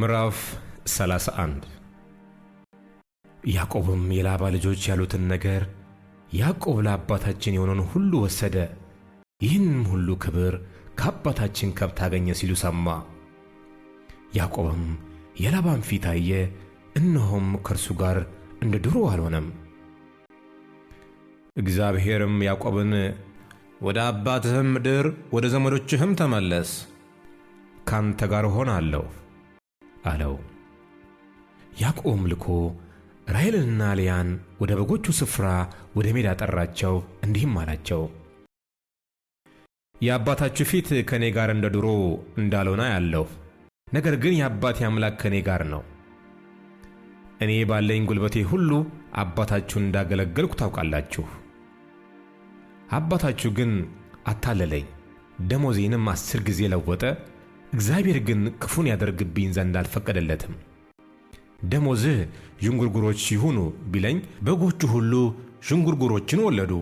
ምዕራፍ 31 ያዕቆብም የላባ ልጆች ያሉትን ነገር ያዕቆብ ለአባታችን የሆነውን ሁሉ ወሰደ፣ ይህንም ሁሉ ክብር ከአባታችን ከብት አገኘ ሲሉ ሰማ። ያዕቆብም የላባን ፊት አየ፣ እነሆም ከእርሱ ጋር እንደ ድሮ አልሆነም። እግዚአብሔርም ያዕቆብን ወደ አባትህም ምድር ወደ ዘመዶችህም ተመለስ፣ ካንተ ጋር እሆናለሁ አለው። ያዕቆብም ልኮ ራሔልንና ልያን ወደ በጎቹ ስፍራ ወደ ሜዳ ጠራቸው፣ እንዲህም አላቸው፦ የአባታችሁ ፊት ከእኔ ጋር እንደ ድሮ እንዳልሆነ ያለሁ፣ ነገር ግን የአባቴ አምላክ ከእኔ ጋር ነው። እኔ ባለኝ ጉልበቴ ሁሉ አባታችሁን እንዳገለገልኩ ታውቃላችሁ። አባታችሁ ግን አታለለኝ፣ ደሞዜንም አስር ጊዜ ለወጠ፣ እግዚአብሔር ግን ክፉን ያደርግብኝ ዘንድ አልፈቀደለትም። ደሞዝህ ዥንጉርጉሮች ይሁኑ ቢለኝ በጎቹ ሁሉ ዥንጉርጉሮችን ወለዱ።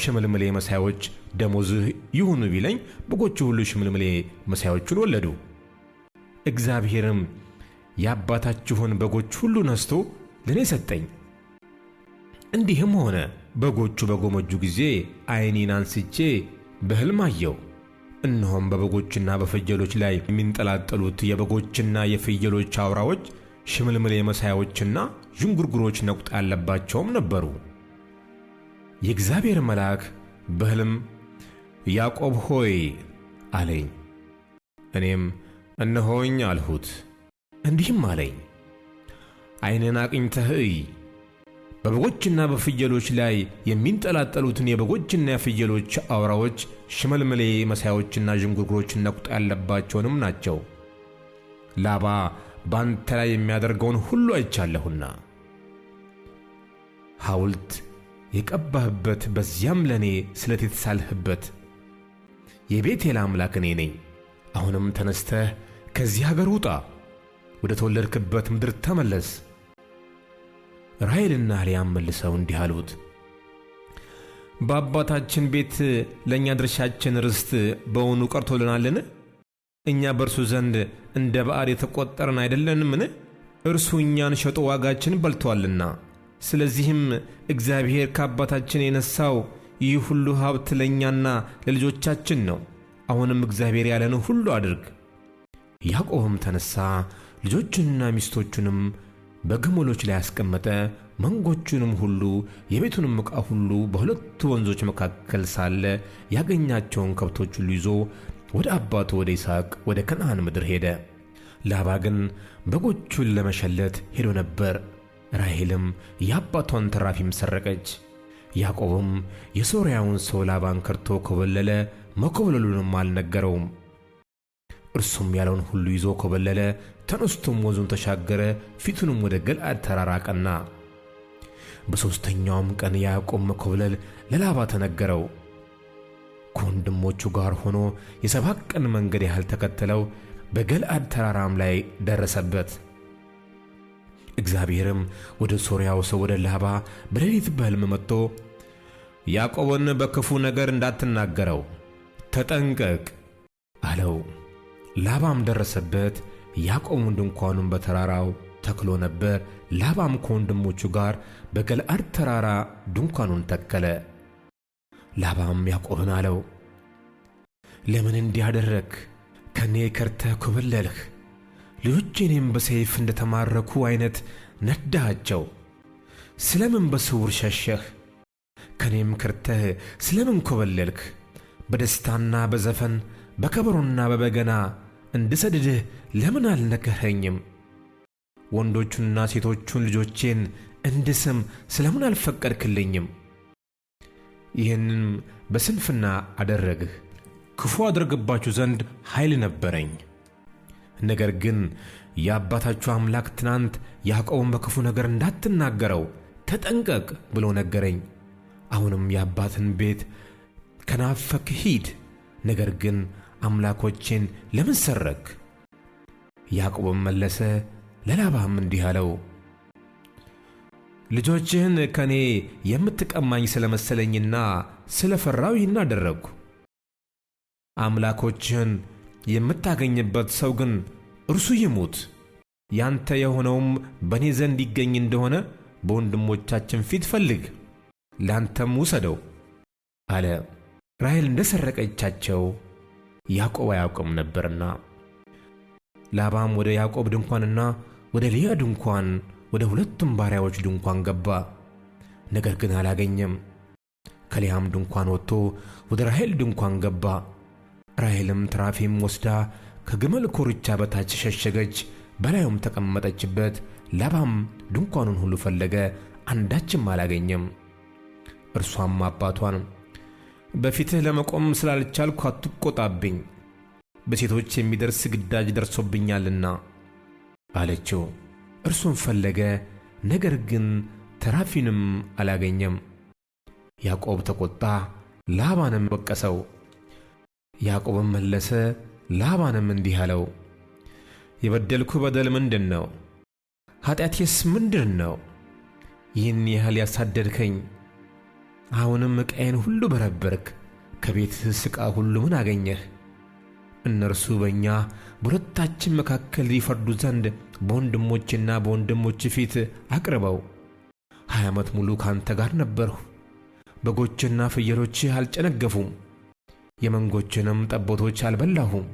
ሽምልምሌ መሳዮች ደሞዝህ ይሁኑ ቢለኝ በጎቹ ሁሉ ሽምልምሌ መሳዮችን ወለዱ። እግዚአብሔርም የአባታችሁን በጎች ሁሉ ነስቶ ለእኔ ሰጠኝ። እንዲህም ሆነ፣ በጎቹ በጎመጁ ጊዜ ዓይኔን አንስቼ በሕልም አየው እነሆም በበጎችና በፍየሎች ላይ የሚንጠላጠሉት የበጎችና የፍየሎች አውራዎች ሽምልምል የመሳያዎችና ዥንጉርጉሮች ነቁጥ ያለባቸውም ነበሩ። የእግዚአብሔር መልአክ በሕልም ያዕቆብ ሆይ አለኝ። እኔም እነሆኝ አልሁት። እንዲህም አለኝ፣ ዐይንን አቅኝተህ እይ በበጎችና በፍየሎች ላይ የሚንጠላጠሉትን የበጎችና የፍየሎች አውራዎች ሽመልመሌ መሳዮችና ዥንጉርጉሮች ነቁጣ ያለባቸውንም ናቸው። ላባ ባንተ ላይ የሚያደርገውን ሁሉ አይቻለሁና ሐውልት የቀባህበት በዚያም ለእኔ ስለት የተሳልህበት የቤቴል አምላክ እኔ ነኝ። አሁንም ተነስተህ ከዚህ አገር ውጣ፣ ወደ ተወለድክበት ምድር ተመለስ ራሔልና ልያም መልሰው እንዲህ አሉት፦ በአባታችን ቤት ለእኛ ድርሻችን ርስት በውኑ ቀርቶልናልን? እኛ በእርሱ ዘንድ እንደ ባዕድ የተቆጠርን አይደለንምን? እርሱ እኛን ሸጦ ዋጋችን በልቶአልና። ስለዚህም እግዚአብሔር ከአባታችን የነሳው ይህ ሁሉ ሀብት ለእኛና ለልጆቻችን ነው። አሁንም እግዚአብሔር ያለን ሁሉ አድርግ። ያዕቆብም ተነሳ፣ ልጆቹንና ሚስቶቹንም በግመሎች ላይ አስቀመጠ። መንጎቹንም ሁሉ የቤቱንም ዕቃ ሁሉ በሁለቱ ወንዞች መካከል ሳለ ያገኛቸውን ከብቶች ሁሉ ይዞ ወደ አባቱ ወደ ይስሐቅ ወደ ከነዓን ምድር ሄደ። ላባ ግን በጎቹን ለመሸለት ሄዶ ነበር። ራሔልም የአባቷን ተራፊም ሰረቀች። ያዕቆብም የሶርያውን ሰው ላባን ከድቶ ኮበለለ፣ መኮበለሉንም አልነገረውም። እርሱም ያለውን ሁሉ ይዞ ኮበለለ፣ ተነስቶም ወንዙን ተሻገረ፣ ፊቱንም ወደ ገልአድ ተራራ ቀና። በሦስተኛውም ቀን ያዕቆብ መኮብለል ለላባ ተነገረው። ከወንድሞቹ ጋር ሆኖ የሰባት ቀን መንገድ ያህል ተከተለው፣ በገልአድ ተራራም ላይ ደረሰበት። እግዚአብሔርም ወደ ሶርያው ሰው ወደ ላባ በሌሊት በሕልም መጥቶ ያዕቆብን በክፉ ነገር እንዳትናገረው ተጠንቀቅ አለው። ላባም ደረሰበት፣ ያዕቆብም ድንኳኑን በተራራው ተክሎ ነበር። ላባም ከወንድሞቹ ጋር በገለዓድ ተራራ ድንኳኑን ተከለ። ላባም ያዕቆብን አለው፣ ለምን እንዲህ አደረግህ? ከእኔ ከርተህ ኮበለልህ። ልጆቼንም በሰይፍ እንደ ተማረኩ ዐይነት ነዳሃቸው። ስለ ምን በስውር ሸሸህ? ከእኔም ከርተህ ስለ ምን ኮበለልህ? በደስታና በዘፈን በከበሮና በበገና እንድሰድድህ ለምን አልነገረኝም ወንዶቹንና ሴቶቹን ልጆቼን እንድስም ስለምን አልፈቀድክልኝም? ይህንም በስንፍና አደረግህ። ክፉ አድርግባችሁ ዘንድ ኃይል ነበረኝ። ነገር ግን የአባታችሁ አምላክ ትናንት ያዕቆብን በክፉ ነገር እንዳትናገረው ተጠንቀቅ ብሎ ነገረኝ። አሁንም የአባትን ቤት ከናፈክ ሂድ፣ ነገር ግን አምላኮቼን ለምን ሰረክ? ያዕቆብም መለሰ ለላባም እንዲህ አለው፣ ልጆችህን ከኔ የምትቀማኝ ስለ መሰለኝና ስለ ፈራው ይህን አደረግሁ። አምላኮችህን የምታገኝበት ሰው ግን እርሱ ይሙት፣ ያንተ የሆነውም በእኔ ዘንድ ይገኝ እንደሆነ በወንድሞቻችን ፊት ፈልግ፣ ላንተም ውሰደው አለ። ራሔል እንደ ሰረቀቻቸው ያዕቆብ አያውቅም ነበርና። ላባም ወደ ያዕቆብ ድንኳንና ወደ ልያ ድንኳን ወደ ሁለቱም ባሪያዎች ድንኳን ገባ፣ ነገር ግን አላገኘም። ከልያም ድንኳን ወጥቶ ወደ ራሔል ድንኳን ገባ። ራሔልም ትራፊም ወስዳ ከግመል ኮርቻ በታች ሸሸገች፣ በላዩም ተቀመጠችበት። ላባም ድንኳኑን ሁሉ ፈለገ፣ አንዳችም አላገኘም። እርሷም አባቷን በፊትህ ለመቆም ስላልቻልኩ አትቆጣብኝ፣ በሴቶች የሚደርስ ግዳጅ ደርሶብኛልና አለችው። እርሱን ፈለገ፣ ነገር ግን ተራፊንም አላገኘም። ያዕቆብ ተቆጣ፣ ላባንም ወቀሰው። ያዕቆብም መለሰ፣ ላባንም እንዲህ አለው፦ የበደልኩ በደል ምንድን ነው? ኃጢአቴስ ምንድን ነው? ይህን ያህል ያሳደድከኝ አሁንም ዕቃዬን ሁሉ በረበርክ፣ ከቤትህ ዕቃ ሁሉ ምን አገኘህ? እነርሱ በእኛ በሁለታችን መካከል ይፈርዱ ዘንድ በወንድሞችና በወንድሞች ፊት አቅርበው። ሀያ ዓመት ሙሉ ካንተ ጋር ነበርሁ፣ በጎችና ፍየሎች አልጨነገፉም፣ የመንጎችንም ጠቦቶች አልበላሁም፣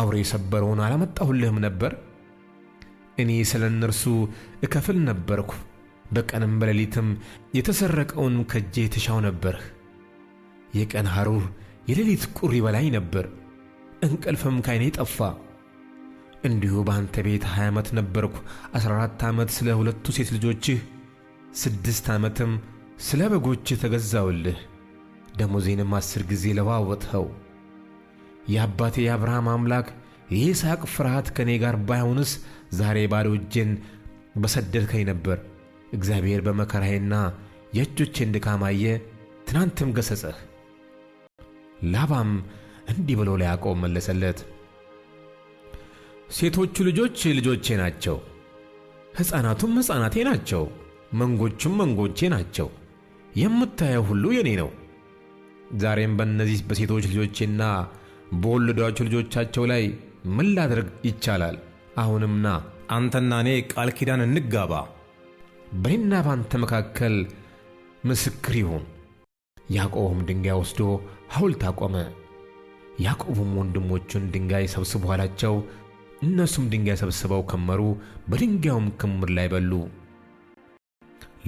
አውሬ የሰበረውን አላመጣሁልህም ነበር። እኔ ስለ እነርሱ እከፍል ነበርኩ በቀንም በሌሊትም የተሰረቀውን ከጄ ትሻው ነበርህ። የቀን ሐሩር የሌሊት ቁር ይበላኝ ነበር፣ እንቅልፍም ካይኔ ጠፋ። እንዲሁ በአንተ ቤት ሀያ ዓመት ነበርኩ። 14 አራት ዓመት ስለ ሁለቱ ሴት ልጆችህ፣ ስድስት ዓመትም ስለ በጎችህ ተገዛውልህ። ደሞዜንም አስር ጊዜ ለዋወጥኸው። የአባቴ የአብርሃም አምላክ የይስሐቅ ፍርሃት ከእኔ ጋር ባይሆንስ ዛሬ ባዶ እጄን በሰደድከኝ ነበር። እግዚአብሔር በመከራዬና የእጆቼን ድካም አየ፣ ትናንትም ገሠጸህ። ላባም እንዲህ ብሎ ለያዕቆብ መለሰለት፣ ሴቶቹ ልጆች ልጆቼ ናቸው፣ ሕፃናቱም ሕፃናቴ ናቸው፣ መንጎቹም መንጎቼ ናቸው። የምታየው ሁሉ የኔ ነው። ዛሬም በእነዚህ በሴቶች ልጆቼና በወለዷቸው ልጆቻቸው ላይ ምን ላደርግ ይቻላል? አሁንም ና አንተና እኔ ቃል ኪዳን እንጋባ በእኔና ባንተ መካከል ምስክር ይሁን። ያዕቆብም ድንጋይ ወስዶ ሐውልት አቆመ። ያዕቆብም ወንድሞቹን ድንጋይ ሰብስቡ አላቸው። እነሱም ድንጋይ ሰብስበው ከመሩ፣ በድንጋዩም ክምር ላይ በሉ።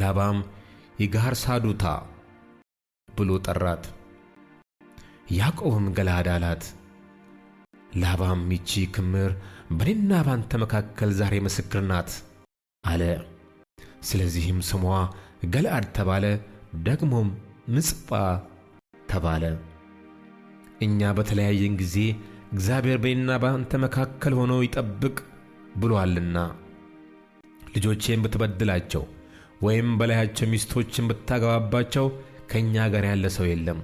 ላባም ይጋር ሳዱታ ብሎ ጠራት። ያዕቆብም ገላዳ አላት። ላባም ይቺ ክምር በእኔና ባንተ መካከል ዛሬ ምስክር ናት አለ። ስለዚህም ስሟ ገልአድ ተባለ፣ ደግሞም ምጽጳ ተባለ። እኛ በተለያየን ጊዜ እግዚአብሔር በእኔና በአንተ መካከል ሆኖ ይጠብቅ ብሎአልና ልጆቼን ብትበድላቸው ወይም በላያቸው ሚስቶችን ብታገባባቸው ከእኛ ጋር ያለ ሰው የለም።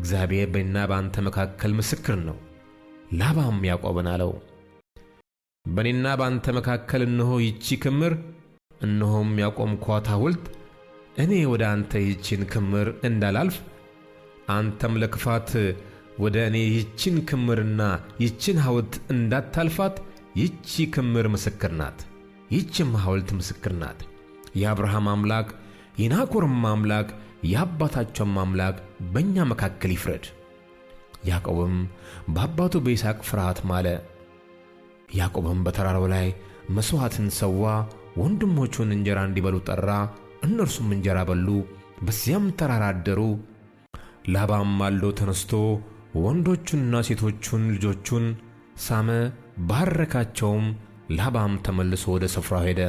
እግዚአብሔር በእኔና በአንተ መካከል ምስክር ነው። ላባም ያዕቆብን አለው፣ በእኔና በአንተ መካከል እነሆ ይቺ ክምር እነሆም ያቆምኳት ሐውልት እኔ ወደ አንተ ይህችን ክምር እንዳላልፍ አንተም ለክፋት ወደ እኔ ይህችን ክምርና ይህችን ሐውልት እንዳታልፋት ይቺ ክምር ምስክር ናት፣ ይችም ሐውልት ምስክር ናት። የአብርሃም አምላክ የናኮርም አምላክ የአባታቸውም አምላክ በእኛ መካከል ይፍረድ። ያዕቆብም በአባቱ በይስሐቅ ፍርሃት ማለ። ያዕቆብም በተራራው ላይ መሥዋዕትን ሰዋ። ወንድሞቹን እንጀራ እንዲበሉ ጠራ። እነርሱም እንጀራ በሉ፣ በዚያም ተራራ አደሩ። ላባም ማልዶ ተነስቶ ወንዶቹንና ሴቶቹን ልጆቹን ሳመ፣ ባረካቸውም። ላባም ተመልሶ ወደ ስፍራው ሄደ።